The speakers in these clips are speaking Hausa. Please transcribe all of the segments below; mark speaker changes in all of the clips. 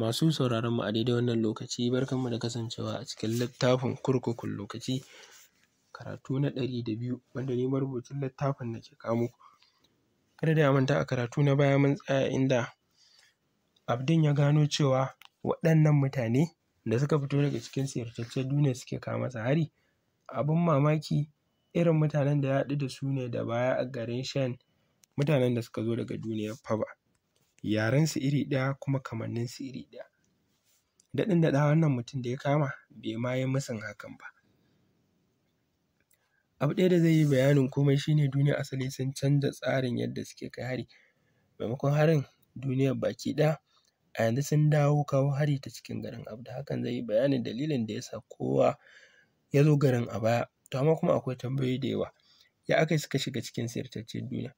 Speaker 1: Masu sauraron mu a daidai wannan lokaci barkan mu da kasancewa a cikin littafin kurkukun lokaci karatu na ɗari da biyu wanda ni marubucin littafin nake kawo muku. Kada dai a manta a karatu na baya mun tsaya inda Abdin ya gano cewa waɗannan mutane da suka fito daga cikin siyartacciyar duniya suke kawo masa hari abin mamaki irin mutanen da ya haɗu da su ne da baya a garin Shan mutanen da suka zo daga duniyar Faba. Yaren su iri ɗaya kuma kamannin su iri ɗaya. Daɗin da ɗa wannan mutum da ya kama bai ma yi musun hakan ba. Abu ɗaya da zai yi bayanin komai shi ne duniyar asali sun canza tsarin yadda suke kai hari. Maimakon harin duniyar baki ɗaya a yanzu sun dawo kawo hari ta cikin garin Da Hakan zai yi bayanin dalilin da ya sa kowa ya zo garin a baya. To amma kuma akwai tambayoyi da yawa. Ya aka yi suka shiga cikin sirtacciyar duniya?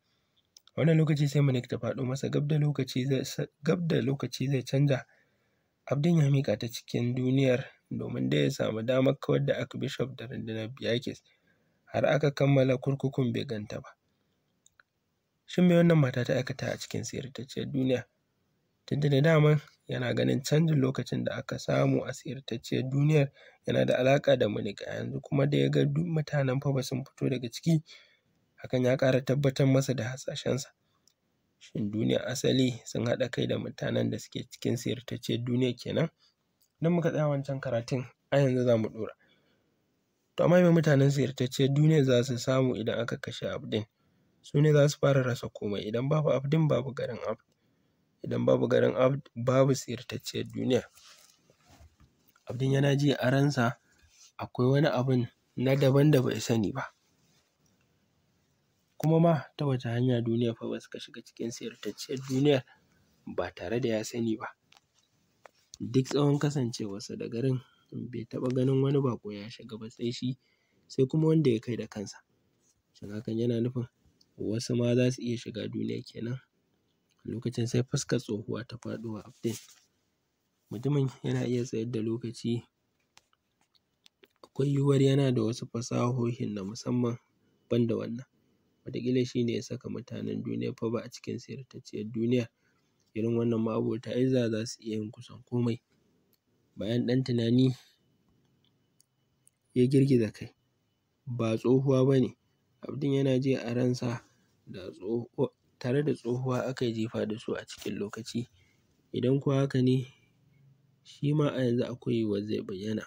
Speaker 1: wannan lokaci sai Malik ta faɗo masa gab da lokaci zai gab da lokaci zai canja Abdin ya mika ta cikin duniyar domin dai ya samu damar kawar da Archbishop da rundunar Biyakis har aka kammala kurkukun bai ganta ba shin me wannan mata ta aikata a cikin siyartacciyar duniya tunda da yana ganin canjin lokacin da aka samu a siyartacciyar duniyar yana da alaƙa da Malik a yanzu kuma da ya ga duk mutanen fa ba sun fito daga ciki hakan ya ƙara tabbatar masa da hasashensa shin duniya asali sun haɗa kai da mutanen da suke cikin siyartacciyar duniya kenan idan muka tsaya wancan karatun a yanzu za mu ɗora to amma me mutanen siyartacciyar duniya za su samu idan aka kashe abdin su ne za su fara rasa komai idan babu abdin babu garin abd idan babu garin abd babu siyartacciyar duniya abdin yana ji a ransa akwai wani abun na daban da bai sani ba kuma ma ta wace hanya duniya fa suka shiga cikin siyartacciyar duniyar ba tare da ya sani ba. Duk tsawon kasancewarsa da garin bai taɓa ganin wani baƙo ya shiga ba sai shi sai kuma wanda ya kai da kansa. Shin hakan yana nufin wasu ma za su iya shiga duniya kenan? A lokacin sai fuskar tsohuwa ta faɗo a Abdul. Mutumin yana iya tsayar da lokaci, akwai yiwuwar yana da wasu fasahohin na musamman ban da wannan. Wataƙila shi ne ya saka mutanen duniya fa ba a cikin sirtacciyar duniya. Irin wannan ma'abota izza za su iya yin kusan komai. Bayan ɗan tunani ya girgiza kai. Ba tsohuwa ba ne. Abdin yana ji a ransa da tsoho tare da tsohuwa aka yi jifa da su a cikin lokaci. Idan kuwa haka ne, shi ma a yanzu akwai yiwuwar zai bayyana.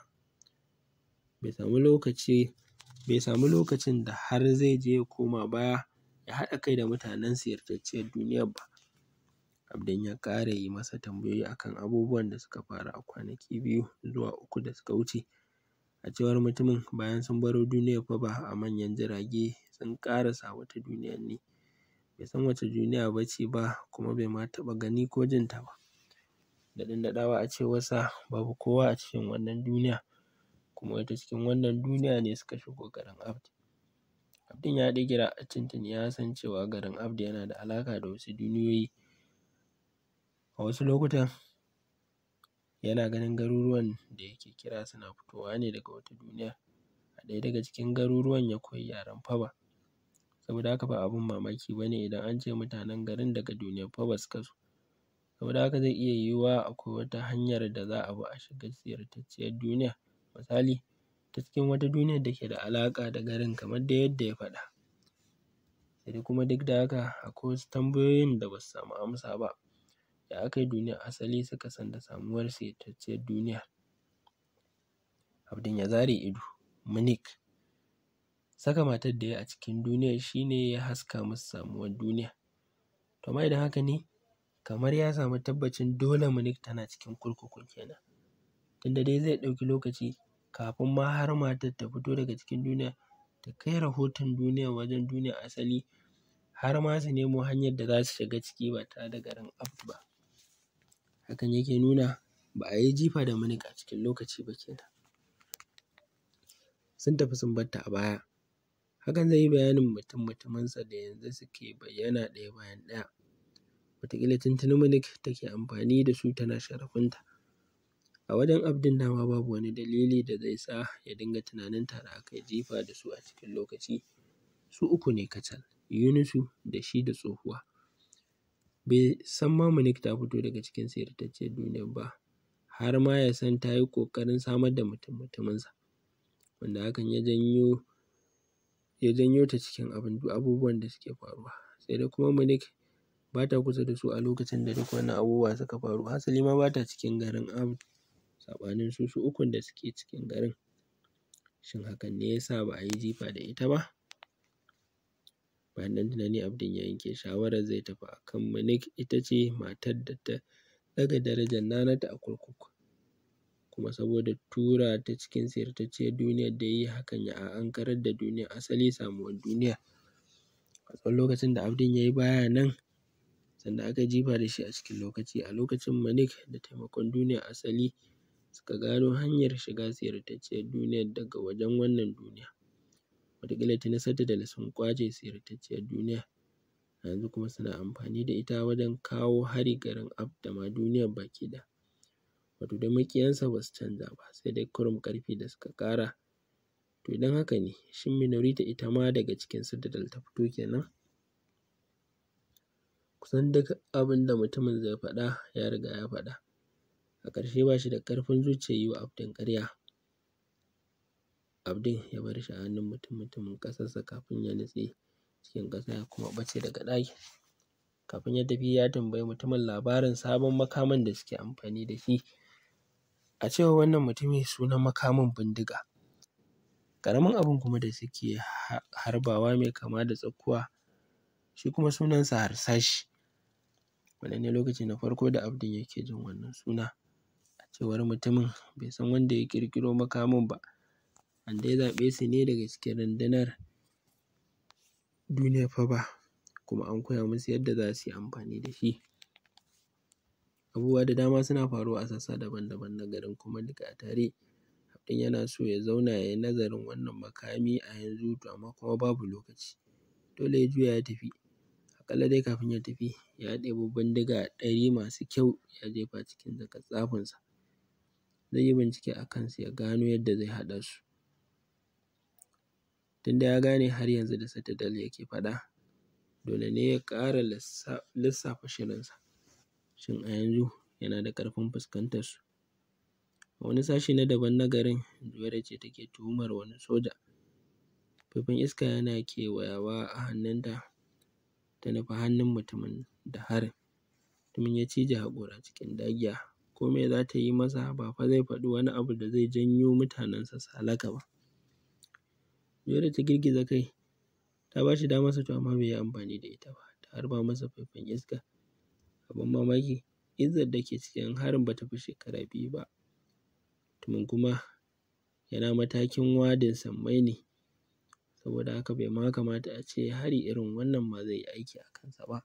Speaker 1: Bai samu lokaci bai samu lokacin da har zai je ya koma baya ya haɗa kai da mutanen siyartacciyar duniyar ba. Abdan ya ƙara yi masa tambayoyi akan abubuwan da suka faru a kwanaki biyu zuwa uku da suka wuce. A cewar mutumin bayan sun baro duniyar fa ba a manyan jirage sun ƙarasa wata duniyar ne. Bai san wace duniya ba ba kuma bai ma taɓa gani ko jin ta ba. Daɗin daɗawa a cewarsa babu kowa a cikin wannan duniya. kuma wata cikin wannan duniya ne suka shigo garin Abdi. Abdin ya ɗigira a tuntuni ya san cewa garin Abdi yana da alaƙa da wasu duniyoyi. A wasu lokutan yana ganin garuruwan da yake kira suna fitowa ne daga wata duniya. A ɗaya daga cikin garuruwan ya koyi yaren Faba. Saboda haka ba abin mamaki ba ne idan an ce mutanen garin daga duniyar Faba suka zo. Saboda haka zai iya yiwuwa akwai wata hanyar da za a bi a shiga ziyartacciyar duniya. misali ta cikin wata duniyar da ke da alaƙa da garin kamar dai yadda ya faɗa. Sai kuma duk da haka akwai wasu tambayoyin da ba su samu amsa ba. Ya aka yi duniyar asali suka san da samuwar saitacciyar duniya. Abdin ya zare ido, Minik. Saka matar da ya yi a cikin duniyar shi ne ya haska musu samuwar duniya. To amma idan haka ne kamar ya samu tabbacin dole Minik tana cikin kurkukun kenan. Tunda dai zai ɗauki lokaci kafin ma har matar ta fito daga cikin duniya ta kai rahoton duniya wajen duniyar asali har ma su nemo hanyar da za su shiga ciki ba tare da garin abu ba. Hakan yake nuna ba a yi jifa da minik a cikin lokaci ba kenan. Sun tafi sun ta a baya. Hakan zai yi bayanin mutum-mutuminsa da yanzu suke bayyana ɗaya bayan ɗaya. Wataƙila tuntuni minik take amfani da su tana sharafinta. A wajen Abdin dama babu wani dalili da zai sa ya dinga tunanin tare aka yi jifa da su a cikin lokaci. Su uku ne kacal, Yunusu da shi da tsohuwa. Bai san ma Minik ta fito daga cikin sirratacciyar duniyar ba, har ma ya san ta yi ƙoƙarin samar da mutum-mutuminsa, wanda hakan ya janyo ya janyo ta cikin abubuwan da suke faruwa. Sai dai kuma Minik ba ta kusa da su a lokacin da duk wannan abubuwa suka faru, hasali ma ba ta cikin garin Ab. saɓanin su su ukun da suke cikin garin shin hakan ne ya sa ba a yi jifa da ita ba bayan ɗan tunani Abdin ya yanke shawarar zai tafi kan Minik ita ce matar da ta ɗaga darajar nanata a kurkuku kuma saboda tura ta cikin siyartacciyar duniyar da yi hakan ya a ankarar da duniyar asali samuwar duniya a tsawon lokacin da Abdin ya yi baya nan sanda aka jifa da shi a cikin lokaci a lokacin Minik da taimakon duniyar asali suka gano hanyar shiga siyartacciyar duniyar daga wajen wannan duniya. Wataƙila tuni sun ƙwace siyartacciyar duniya yanzu kuma suna amfani da ita wajen kawo hari garin Af da ma duniyar baki ɗaya. Wato dai maƙiyansa ba su canza ba sai dai kurum ƙarfi da suka ƙara. To idan haka ne shin Minorita ita ma daga cikin Citadel ta fito kenan? Kusan duk abin mutumin zai faɗa ya riga ya faɗa. a ƙarshe ba shi da ƙarfin zuciyar yi wa Abdin ƙarya Abdin ya bar shi a hannun mutum mutumin ƙasarsa kafin ya nutse cikin ƙasa ya kuma ɓace daga ɗaki kafin ya tafi ya tambayi mutumin labarin sabon makaman da suke amfani da shi a cewar wannan mutumin sunan makamin bindiga ƙaramin abin kuma da suke harbawa mai kama da tsakuwa shi kuma sunansa harsashi wannan ne lokaci na farko da Abdin yake jin wannan suna cewar mutumin bai san wanda ya ƙirƙiro makamin ba an dai zaɓe su ne daga cikin rundunar fa ba, kuma an koya musu yadda za su yi amfani da shi abubuwa da dama suna faruwa a sassa daban-daban na garin kuma duka a tare mutum yana so ya zauna ya yi nazarin wannan makami a yanzu to amma kuma babu lokaci dole ya juya ya tafi aƙalla dai kafin ya tafi ya ɗebi bindiga ɗari masu kyau ya jefa cikin jakar tsafinsa zai yi bincike a kansu ya gano yadda zai haɗa su. Tunda ya gane har yanzu da citadel yake faɗa dole ne ya ƙara lissafa shirinsa, shin a yanzu yana da ƙarfin fuskantar su? A wani sashe na daban na garin Juwera ce take tuhumar wani soja, faifan iska yana kewayawa a hannunta ta nufi hannun mutumin da harin, mutumin ya cije haƙora cikin dagiya. ko za ta yi masa ba fa zai faɗi wani abu da zai janyo mutanensa su halaka ba. Zuwaira ta girgiza kai, ta ba shi damarsa to amma bai yi amfani da ita ba, ta harba masa faifan iska. Abin mamaki, Izzat da ke cikin harin ba ta fi shekara biyu ba, mutumin kuma yana matakin wadin sammai ne. saboda haka bai ma kamata a ce hari irin wannan ma zai yi aiki a kansa ba.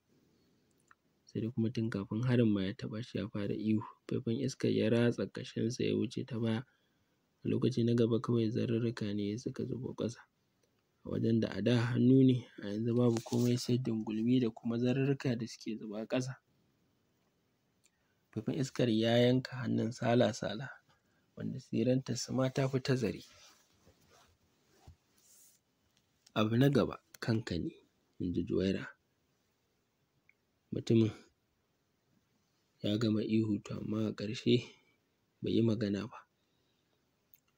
Speaker 1: sai dai kuma tun kafin harin ma ya taɓa shi ya fara ihu faifan iskar ya ratsa ƙashinsa ya wuce ta baya a lokaci na gaba kawai zarurruka ne suka zubo ƙasa a wajen da a da hannu ne a yanzu babu komai sai dungulmi da kuma zarurruka da suke zuba ƙasa faifan iskar ya yanka hannun sala-sala wanda su ma ta fita zare abu na gaba kanka ne in ji Juwaira mutumin ya gama ihu to amma a ƙarshe bai yi magana ba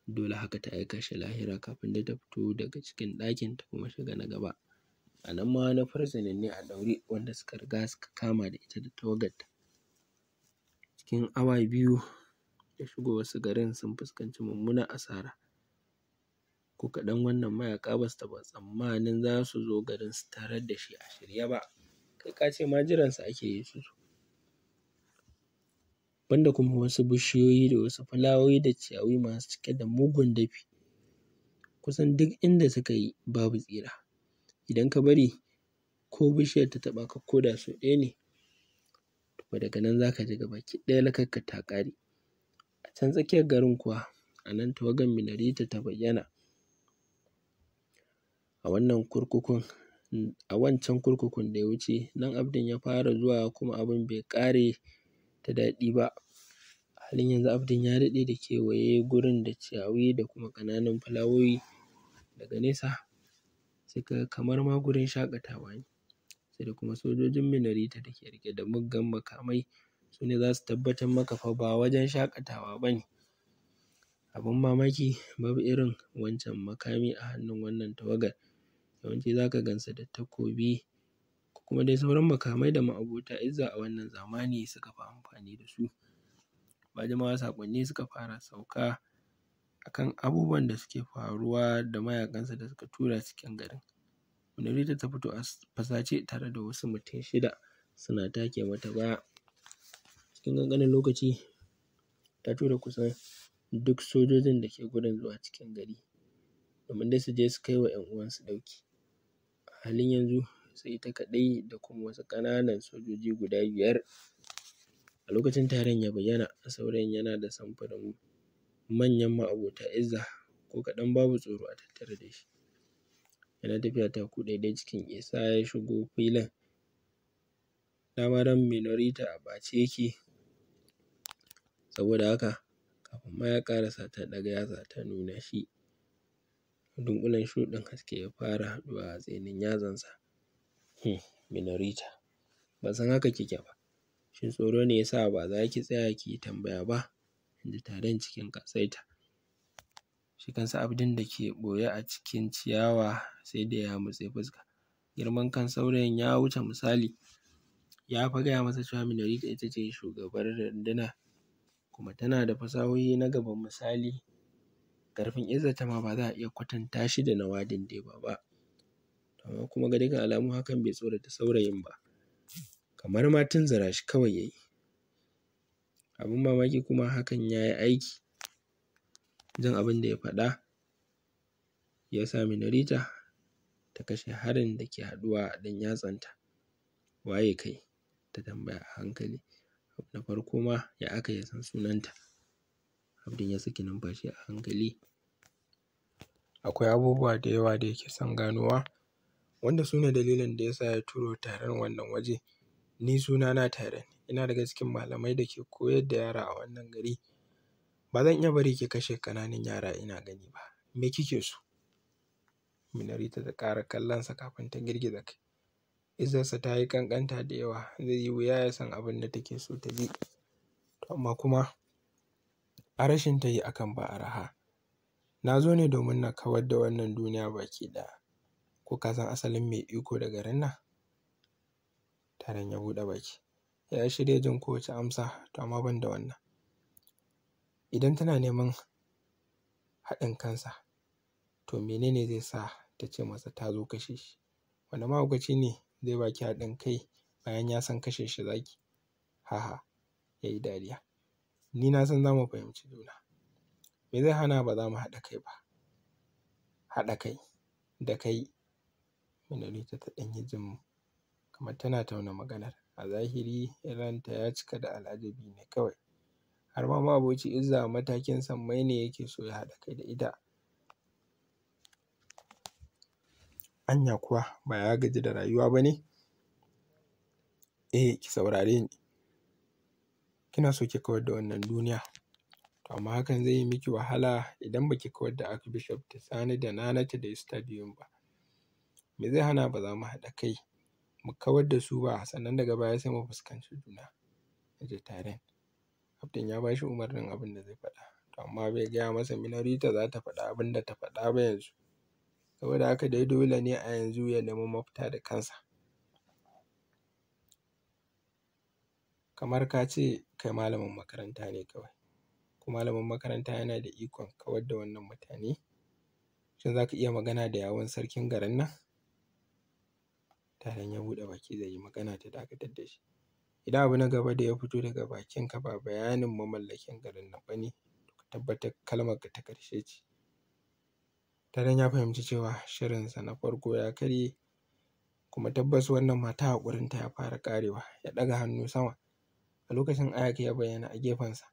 Speaker 1: dole haka ta aika shi lahira kafin dai ta fito daga cikin ɗakin ta kuma shiga na gaba a nan ma wani prisoner ne a ɗaure wanda suka riga suka kama da ita da ta cikin awa biyu da shigowarsu garin sun fuskanci mummunar asara ko kaɗan wannan mayaƙa ba su taɓa tsammanin za su zo garin su tarar da shi a shirye ba kai ce ma jiransu ake yi su banda kuma wasu bishiyoyi da wasu fulawoyi da ciyawi masu cike da mugun dafi kusan duk inda suka yi babu tsira idan ka bari ko bishiyar ta taɓa ka ko da sau ɗaya ne to daga nan za ka ji gabaki ɗaya lakakka ta ƙare a can tsakiyar garin kuwa a nan tawagar minareta ta bayyana a wannan kurkukun Mm, a wancan kurkukun da ya wuce nan Abdin ya fara zuwa kuma abun bai ƙare da daɗi ba. A halin yanzu Abdin ya daɗe da kewaye gurin da ciyawi, da kuma ƙananan fulawowi daga nesa sai kamar ma gurin shaƙatawa ne. Sai da kuma sojojin minarita da ke riƙe da muggan makamai su ne za su tabbatar maka fa ba wajen shaƙatawa ba ne. Abin mamaki babu irin wancan makami a hannun wannan tawagar. yawanci za ka gansu da takobi ko kuma dai sauran makamai da ma'abota izza a wannan zamani suka fi amfani da su. Ba jimawa saƙonni suka fara sauka a kan abubuwan da suke faruwa da mayaƙansu da suka tura cikin garin. Muniratu ta fito a fasace tare da wasu mutum shida suna take mata baya. Cikin ƙanƙanin lokaci ta tura kusan duk sojojin da ke gudun zuwa cikin gari domin dai su je su kai wa ‘yan uwansu ɗauki. halin yanzu sai ita kaɗai da kuma wasu ƙananan sojoji guda biyar. A lokacin taron ya bayyana, saurayin yana da samfurin manyan ma'abota izza ko kaɗan babu tsoro a tattare da shi. Yana tafiya taku daidai cikin isa ya shigo filin. Dama ran Minorita a ɓace yake, saboda haka kafin ma ya ƙarasa ta ɗaga yatsa ta nuna shi. dunƙulen shuɗin haske ya fara haɗuwa a tsainin yatsansa. um Minorita, ban san haka kike ba, shin tsoro ne yasa ba za ki tsaya ki yi tambaya ba? in ji taron cikin ƙasaita. Shi kansa abdin da ke ɓoye a cikin ciyawa sai da ya matse fuska. Girman kan saurayin ya wuce misali, ya fa gaya masa cewa Minorita ita ce shugabar runduna kuma tana da fasahohi na gaban misali ƙarfin Izzata ma ba za a iya kwatanta shi da na wadin Deba ba amma kuma ga dukkan alamu hakan bai tsorata saurayin ba kamar ma tunzura shi kawai ya yi abin mamaki kuma hakan ya yi aiki jin abin da ya faɗa ya sa Minorita ta kashe harin da ke haɗuwa a ɗan yatsanta waye kai ta tambaya a hankali na farko ma ya aka yi ya san sunanta Abdul ya saki numfashi a hankali. Akwai abubuwa da yawa da yake son ganowa wanda su ne dalilin da ya sa ya turo taron wannan waje. Ni suna na taron ina daga cikin malamai da ke koyar da yara a wannan gari. Ba zan iya bari ki kashe ƙananan yara ina gani ba. Me kike so? Minerita ta ƙara kallonsa kafin ta girgiza kai. Izzarsa ta yi ƙanƙanta da yawa, zai yi wuya ya san abin da take so ta ji. To amma kuma a rashin ta yi akan ba araha. Na zo ne domin na kawar da wannan duniya baki ɗaya. Ko ka san asalin mai iko da garin nan? Taron ya buɗe baki. Ya shirya jin kowace amsa to amma ban da wannan. Idan tana neman haɗin kansa to mene ne zai sa ta ce masa ta zo kashe shi? Wane mahaukaci ne zai baki haɗin kai bayan ya san kashe shi za ki ya yi dariya. ni na san za mu fahimci juna. Me zai hana ba za mu haɗa kai ba? Haɗa kai da kai. Manolita ta ɗan yi jin kamar tana tauna maganar. A zahiri ranta ya cika da al'ajabi ne kawai. Har ma ma'abocin izza a matakin sammai ne yake so ya haɗa kai da ita. Anya kuwa ba ya gaji da rayuwa ba ne? Eh ki saurare ni. kina so ki kawar da wannan duniya. To amma hakan zai yi miki wahala idan baki kawar da Archbishop Sani da Nanata da Esther ba. Me zai hana ba za mu haɗa kai mu kawar da su ba sannan daga baya sai mu fuskanci juna. In je tare Kaftin ya bashi shi umarnin abin da zai faɗa. To amma bai gaya masa Minorita za ta faɗa abin da ta faɗa ba yanzu. Saboda haka dai dole ne a yanzu ya nemi mafita da kansa. kamar ka ce kai malamin makaranta ne kawai. Ko malamin makaranta yana da ikon kawar da wannan mutane. Shin za ka iya magana da yawun sarkin garin nan? Taron ya buɗe baki zai yi magana ta dakatar da shi. Idan abu na gaba da ya fito daga bakin ka ba bayanin mamallakin garin nan ba ne, to ka tabbatar kalmarka ta ƙarshe ce. Taron ya fahimci cewa shirin sa na farko ya karye kuma tabbas wannan mata ta ya fara ƙarewa. Ya ɗaga hannu sama A lokacin Ayag ya bayyana a gefensa,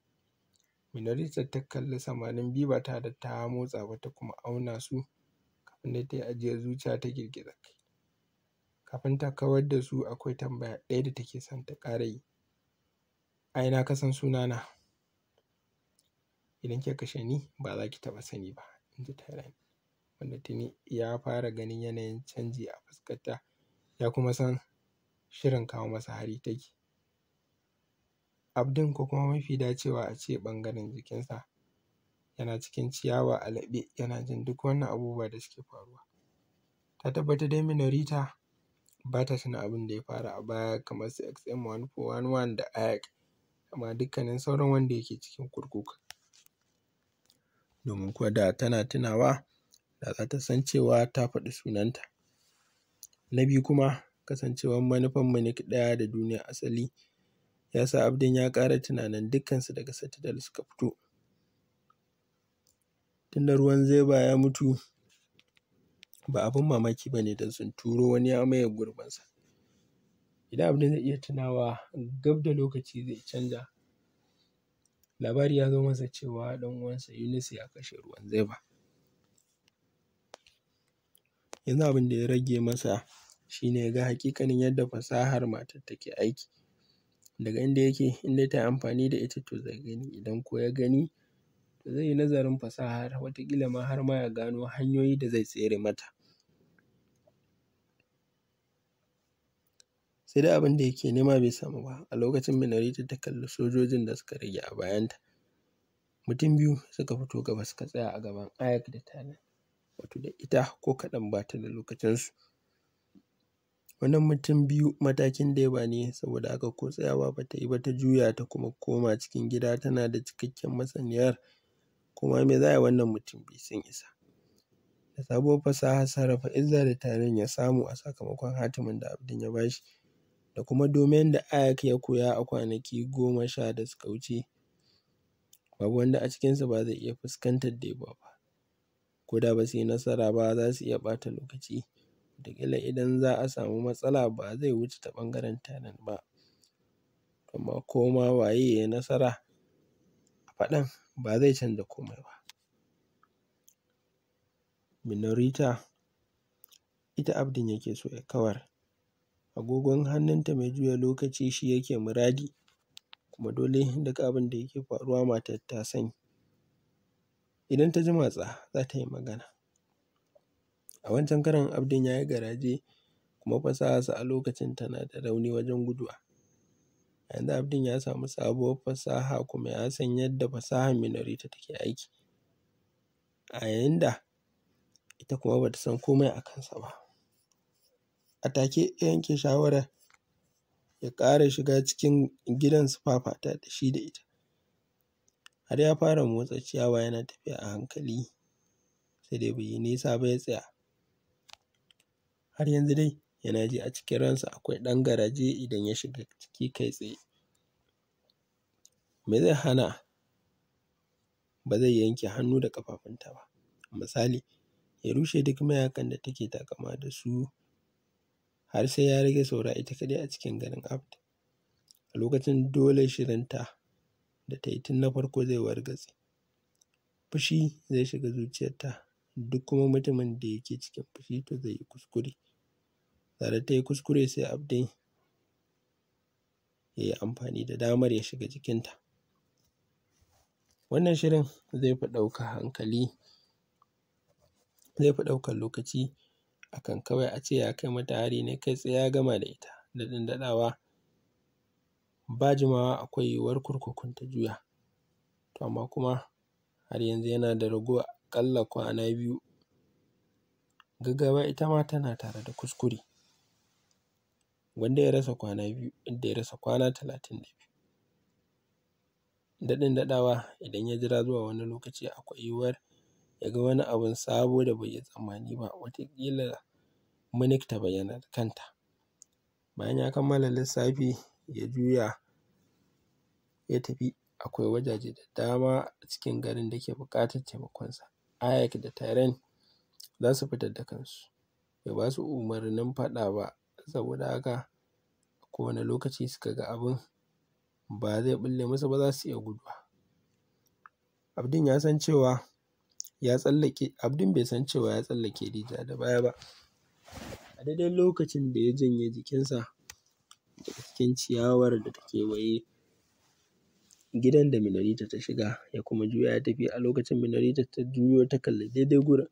Speaker 1: Minista ta kalli samanin biyu ba da ta motsa ba ta kuma auna su kafin da ta yi ajiyar zuciya ta girgiza kai. Kafin ta kawar da su akwai tambaya ɗaya da take son ta ƙara yi. A ina ka san sunana? Idan kika kashe ni ba za ki taɓa sani ba, in ji wanda tuni ya fara ganin yanayin canji a fuskarta ya kuma san shirin kawo masa hari take. Abdin ko kuma mafi dacewa a ce ɓangaren jikinsa yana cikin ciyawa a laɓe yana jin duk wannan abubuwa da suke faruwa. Ta tabbatar dai Minorita ba ta tuna abin da ya faru a baya kamar su XM1411 da IAC amma dukkanin sauran wanda yake cikin kurkuku. Domin kuwa da tana tunawa da za ta san cewa ta faɗi sunanta. Na biyu kuma kasancewar manufar Minik ɗaya da duniya asali ya sa Abdin ya ƙara tunanin dukkansu daga Citadel suka fito. Tunda ruwan zeba ya mutu ba abin mamaki ba ne da sun turo wani ya maye gurbinsa. Idan Abdin zai iya tunawa gab da lokaci zai canza. labari ya zo masa cewa ɗan uwansa Yunus ya kashe ruwan zeba. Yanzu abin da ya rage masa shine ne ya ga haƙiƙanin yadda fasahar matar take aiki. daga inda yake in dai ta amfani da ita to zai gani. Idan ko ya gani to zai yi nazarin fasahar ƙila ma har ma ya gano hanyoyi da zai tsere mata. Sai dai abin da yake nema bai samu ba. A lokacin Minority ta kalli sojojin da suka rage a bayanta. Mutum biyu suka fito gaba suka tsaya a gaban Ayak da Wato da ita ko kaɗan ba ta da lokacinsu. Wannan mutum biyu matakin ba ne, saboda haka ko tsayawa ba ta yi ba ta juya ta kuma koma cikin gida tana da cikakken masaniyar kuma me za a yi wannan mutum bai san isa. Da sabuwar fasaha, sarrafa izza da taron ya samu a sakamakon hatimin da Abidin ya ba shi da kuma domin da Ayak ya koya a kwanaki goma sha da suka wuce, babu wanda a cikinsu ba zai iya fuskantar Deba ba, ko da ba su yi nasara ba za su iya ɓata lokaci. ƙila idan za a samu matsala ba zai wuce ta ɓangaren tanan ba. Amma ko ma waye ya nasara a faɗan ba zai canza komai ba. Minorita ita Abdin yake so ya kawar. Agogon hannunta mai juya lokaci shi yake muradi kuma dole duk abin da yake faruwa matar ta sani. Idan ta ji matsa za ta yi magana. A wancan karon Abdin ya yi garaje kuma fasaharsa a lokacin tana da rauni wajen guduwa. A yanzu abdin ya samu sabuwar fasaha kuma ya san yadda fasahar Minarita take aiki, a yayin da ita kuma ba ta san komai a kansa ba. A take ya yanke shawarar ya ƙara shiga cikin gidan su fafata da shi da ita, har ya fara motsa ciyawa yana tafiya a hankali, sai dai bai yi nisa ba ya tsaya. har yanzu dai yana ji a cikin ransa akwai ɗan garaje idan ya shiga ciki kai tsaye me zai hana ba zai yanke hannu da ƙafafunta ba misali ya rushe duk mayakan da take takama da su har sai ya rage saura ita kaɗai a cikin garin Abd. A lokacin dole shirinta da ta yi tun na farko zai gatsi. Fushi zai shiga zuciyarta duk kuma mutumin da yake cikin fushi to zai yi kuskure. tare ta yi kuskure sai Abdin ya yi amfani da damar ya shiga jikinta. Wannan shirin zai fi hankali, zai fi ɗaukar lokaci akan kawai a ce ya kai mata hari ne kai tsaye ya gama da ita. da daɗawa ba jimawa akwai yiwuwar kurkukun ta juya. To amma kuma har yanzu yana da ragowar ƙalla kwana biyu. Gaggawa ita ma tana tare da kuskure. wanda ya rasa kwana biyu da ya rasa kwana talatin da biyu. Daɗin daɗawa idan ya jira zuwa wani lokaci akwai yiwuwar ya ga wani abun sabo da bai yi tsammani ba wataƙila bai yi bayyana kanta. Bayan ya kammala lissafi ya juya ya tafi. Akwai wajaje da dama a cikin garin da ke buƙatar taimakonsa. Ayak da Taren za su fitar da kansu. Bai ba su umarnin faɗa ba saboda haka kowane lokaci suka ga abin ba zai ɓulle musu ba za su iya guduwa. Abdin ya san cewa ya tsallake Abdin bai san cewa ya tsallake rijiya da baya ba. A daidai lokacin da ya janye jikinsa daga cikin ciyawar da ta kewaye gidan da Minorita ta shiga ya kuma juya ya tafi a lokacin Minorita ta juyo ta kalli daidai gurin.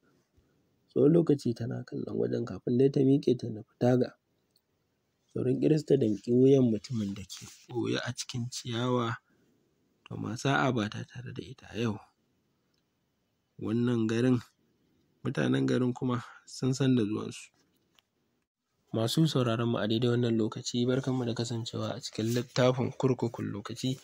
Speaker 1: Tsawon lokaci tana kallon wajen kafin dai ta miƙe ta nufi taga. saurin Kirista ta danƙi wuyan mutumin da ke ɓoye a cikin ciyawa to ma sa'a ba ta tare da ita yau. Wannan garin mutanen garin kuma sun san da zuwansu. Masu sauraron mu a daidai wannan lokaci barkan mu da kasancewa a cikin littafin kurkukun lokaci.